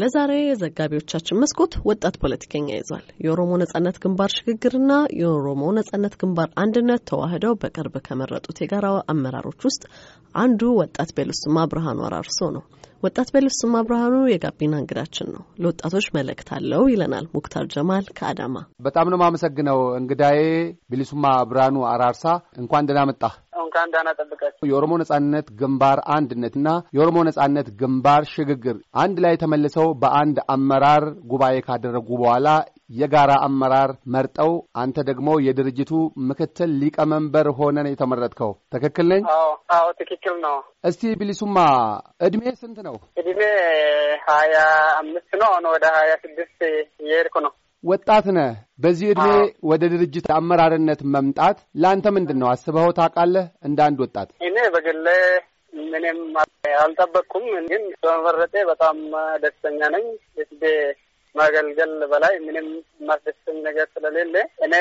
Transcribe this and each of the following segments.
ለዛሬ የዘጋቢዎቻችን መስኮት ወጣት ፖለቲከኛ ይዟል። የኦሮሞ ነጻነት ግንባር ሽግግርና የኦሮሞ ነጻነት ግንባር አንድነት ተዋህደው በቅርብ ከመረጡት የጋራ አመራሮች ውስጥ አንዱ ወጣት ቤሉስማ ብርሃኑ አራርሶ ነው። ወጣት በልፍስም አብርሃኑ የጋቢና እንግዳችን ነው። ለወጣቶች መልእክት አለው ይለናል ሙክታር ጀማል ከአዳማ። በጣም ነው የማመሰግነው እንግዳዬ ቢሊሱማ ብርሃኑ አራርሳ። እንኳን ደህና መጣ። እንኳን ደህና የኦሮሞ ነጻነት ግንባር አንድነትና የኦሮሞ ነጻነት ግንባር ሽግግር አንድ ላይ ተመልሰው በአንድ አመራር ጉባኤ ካደረጉ በኋላ የጋራ አመራር መርጠው አንተ ደግሞ የድርጅቱ ምክትል ሊቀመንበር ሆነን የተመረጥከው ትክክል ነኝ? አዎ ትክክል ነው። እስቲ ቢሊሱማ እድሜ ስንት ነው? እድሜ ሀያ አምስት ነው። አሁን ወደ ሀያ ስድስት እየሄድኩ ነው። ወጣት ነህ። በዚህ እድሜ ወደ ድርጅት አመራርነት መምጣት ለአንተ ምንድን ነው? አስበኸው ታውቃለህ? እንደ አንድ ወጣት እኔ በግሌ ምንም አልጠበቅኩም፣ ግን በመመረጤ በጣም ደስተኛ ነኝ። ስቤ ማገልገል በላይ ምንም የማስደስተኝ ነገር ስለሌለ እኔ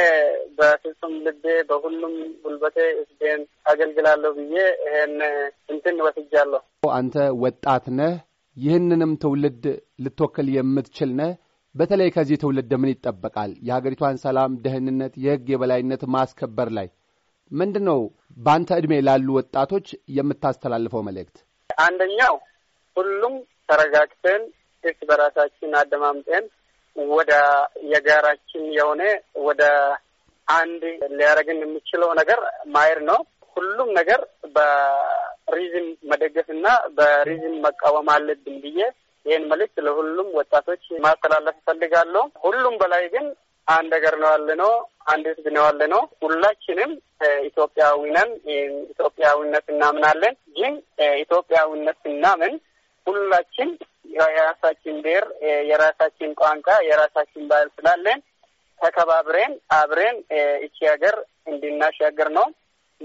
በፍጹም ልቤ በሁሉም ጉልበቴ ህዝቤን አገልግላለሁ ብዬ ይሄን እንትን ወስጃለሁ። አንተ ወጣት ነህ፣ ይህንንም ትውልድ ልትወክል የምትችል ነህ። በተለይ ከዚህ ትውልድ ምን ይጠበቃል? የሀገሪቷን ሰላም፣ ደህንነት፣ የህግ የበላይነት ማስከበር ላይ ምንድን ነው በአንተ ዕድሜ ላሉ ወጣቶች የምታስተላልፈው መልእክት? አንደኛው ሁሉም ተረጋግተን እርስ በራሳችን አደማምጠን ወደ የጋራችን የሆነ ወደ አንድ ሊያደርግን የሚችለው ነገር ማየር ነው። ሁሉም ነገር በሪዝም መደገፍ እና በሪዝም መቃወም አለብን ብዬ ይህን መልክት ለሁሉም ወጣቶች ማስተላለፍ እፈልጋለሁ። ሁሉም በላይ ግን አንድ ሀገር ነው ያለ ነው። አንድ ህዝብ ነው ያለ ነው። ሁላችንም ኢትዮጵያዊ ነን። ኢትዮጵያዊነት እናምናለን። ግን ኢትዮጵያዊነት ስናምን ሁላችን የራሳችን ብሔር፣ የራሳችን ቋንቋ፣ የራሳችን ባህል ስላለን ተከባብረን አብረን እቺ ሀገር እንድናሻገር ነው።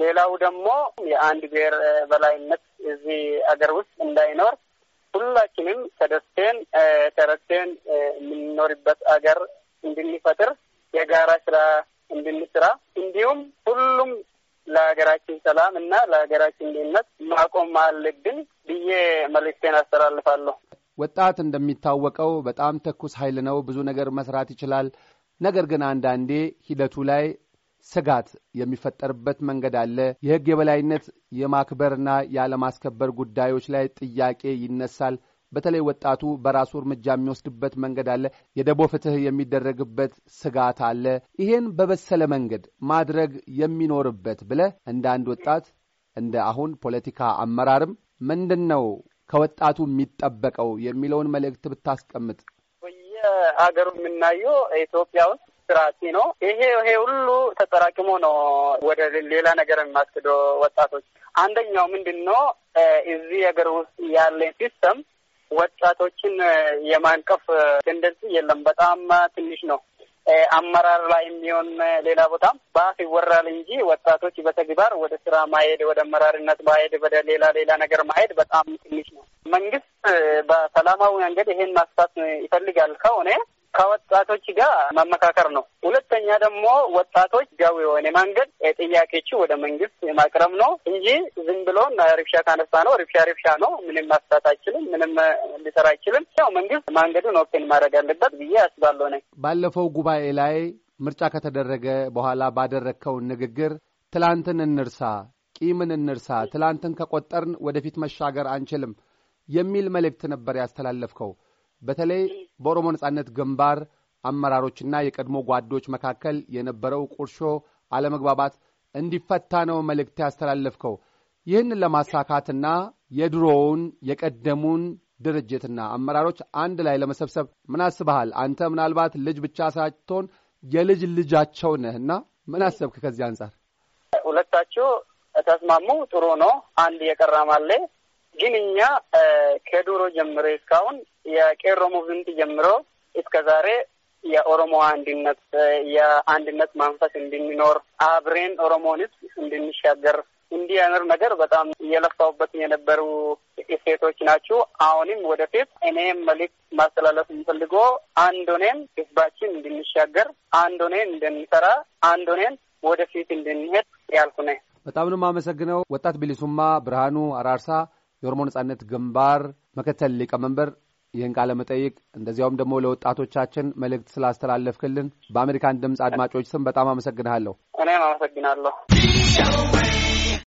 ሌላው ደግሞ የአንድ ብሔር በላይነት እዚህ ሀገር ውስጥ እንዳይኖር ሁላችንም ተደስተን ተረስተን የምንኖርበት ሀገር እንድንፈጥር የጋራ ስራ እንድንስራ እንዲሁም ሁሉም ለሀገራችን ሰላም እና ለሀገራችን ደህንነት ማቆም አለብን ብዬ መልእክቴን አስተላልፋለሁ። ወጣት እንደሚታወቀው በጣም ተኩስ ኃይል ነው። ብዙ ነገር መስራት ይችላል። ነገር ግን አንዳንዴ ሂደቱ ላይ ስጋት የሚፈጠርበት መንገድ አለ። የሕግ የበላይነት የማክበርና ያለማስከበር ጉዳዮች ላይ ጥያቄ ይነሳል። በተለይ ወጣቱ በራሱ እርምጃ የሚወስድበት መንገድ አለ። የደቦ ፍትህ የሚደረግበት ስጋት አለ። ይሄን በበሰለ መንገድ ማድረግ የሚኖርበት ብለህ እንደ አንድ ወጣት እንደ አሁን ፖለቲካ አመራርም ምንድን ነው ከወጣቱ የሚጠበቀው የሚለውን መልእክት ብታስቀምጥ። በየሀገሩ የምናየው ኢትዮጵያ ውስጥ ስራቲ ነው። ይሄ ይሄ ሁሉ ተጠራቅሞ ነው ወደ ሌላ ነገር የሚያስክዶ ወጣቶች። አንደኛው ምንድን ነው እዚህ ሀገር ውስጥ ያለ ሲስተም ወጣቶችን የማንቀፍ ቴንደንሲ የለም፣ በጣም ትንሽ ነው። አመራር ላይ የሚሆን ሌላ ቦታም በአፍ ይወራል እንጂ ወጣቶች በተግባር ወደ ስራ ማሄድ ወደ አመራርነት ማሄድ ወደ ሌላ ሌላ ነገር ማሄድ በጣም ትንሽ ነው። መንግስት በሰላማዊ መንገድ ይሄን ማስፋት ይፈልጋል ከሆነ ከወጣቶች ጋር መመካከር ነው። ሁለተኛ ደግሞ ወጣቶች ጋዊ የሆነ መንገድ ጥያቄዎቹ ወደ መንግስት ማቅረብ ነው እንጂ ዝም ብሎን ሪብሻ ካነሳ ነው ሪብሻ ሪብሻ ነው፣ ምንም ማስታት አይችልም፣ ምንም ሊሰራ አይችልም። ያው መንግስት መንገዱን ኦፕን ማድረግ አለበት ብዬ አስባለሁ። ነ ባለፈው ጉባኤ ላይ ምርጫ ከተደረገ በኋላ ባደረግከው ንግግር ትላንትን እንርሳ፣ ቂምን እንርሳ፣ ትላንትን ከቆጠርን ወደፊት መሻገር አንችልም የሚል መልእክት ነበር ያስተላለፍከው። በተለይ በኦሮሞ ነጻነት ግንባር አመራሮችና የቀድሞ ጓዶች መካከል የነበረው ቁርሾ አለመግባባት እንዲፈታ ነው መልእክት ያስተላለፍከው። ይህንን ለማሳካትና የድሮውን የቀደሙን ድርጅትና አመራሮች አንድ ላይ ለመሰብሰብ ምን አስበሃል? አንተ ምናልባት ልጅ ብቻ ሳትሆን የልጅ ልጃቸው ነህ እና ምን አሰብክ? ከዚህ አንጻር ሁለታቸው ተስማሙ፣ ጥሩ ነው። አንድ የቀረማለ ግን እኛ ከድሮ ጀምሮ እስካሁን የቄሮ ሙቭመንት ጀምሮ እስከ ዛሬ የኦሮሞ አንድነት የአንድነት መንፈስ እንድንኖር አብሬን ኦሮሞንስ እንድንሻገር አይነት ነገር በጣም እየለፋውበት የነበሩ እሴቶች ናችሁ። አሁንም ወደፊት እኔም መልዕክት ማስተላለፍ የምፈልጎ አንዶኔን ህዝባችን እንድንሻገር፣ አንዶኔን እንድንሰራ፣ አንዶኔን ወደፊት እንድንሄድ ያልኩ ነ በጣም ነው የማመሰግነው ወጣት ቢሊሱማ ብርሃኑ አራርሳ የኦሮሞ ነጻነት ግንባር ምክትል ሊቀመንበር ይህን ቃለ መጠይቅ እንደዚያውም ደግሞ ለወጣቶቻችን መልእክት ስላስተላለፍክልን በአሜሪካን ድምፅ አድማጮች ስም በጣም አመሰግንሃለሁ። እኔም አመሰግናለሁ።